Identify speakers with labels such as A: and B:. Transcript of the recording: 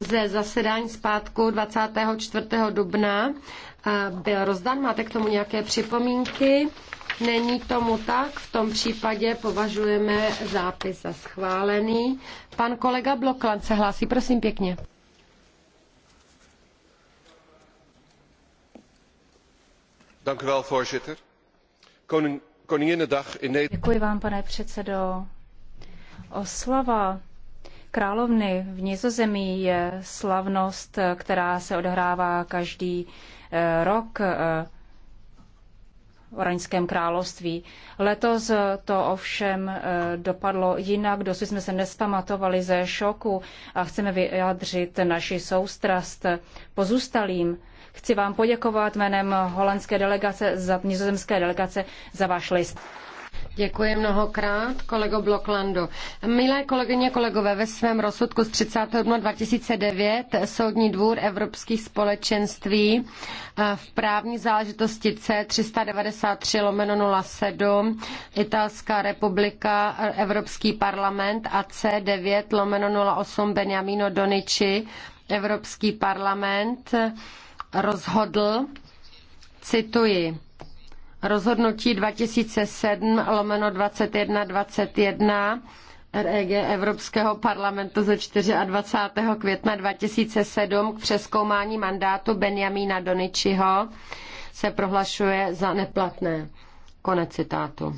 A: ze zasedání zpátku 24. dubna eh, byl rozdan. Máte k tomu nějaké připomínky? Není tomu tak, v tom případě považujeme zápis za schválený. Pan kolega Blokland se hlásí, prosím pěkně.
B: Děkuji vám, pane předsedo. Oslava královny v Nizozemí je slavnost, která se odhrává každý eh, rok eh, v Oraňském království. Letos to ovšem eh, dopadlo jinak, dosud jsme se nespamatovali ze šoku a chceme vyjádřit naši soustrast pozůstalým. Chci vám poděkovat jménem holandské
A: delegace, za nizozemské delegace za váš list. Děkuji mnohokrát, kolego Bloklandu. Milé kolegyně, kolegové, ve svém rozsudku z 30. dubna 2009 Soudní dvůr Evropských společenství eh, v právní záležitosti C393 lomeno 07 Italská republika, eh, Evropský parlament a C9 lomeno 08 Benjamino Donici, Evropský parlament rozhodl, cituji, rozhodnutí 2007 lomeno 2121 REG Evropského parlamentu ze 24. května 2007 k přeskoumání mandátu Benjamína Doničiho se prohlašuje za neplatné. Konec citátu.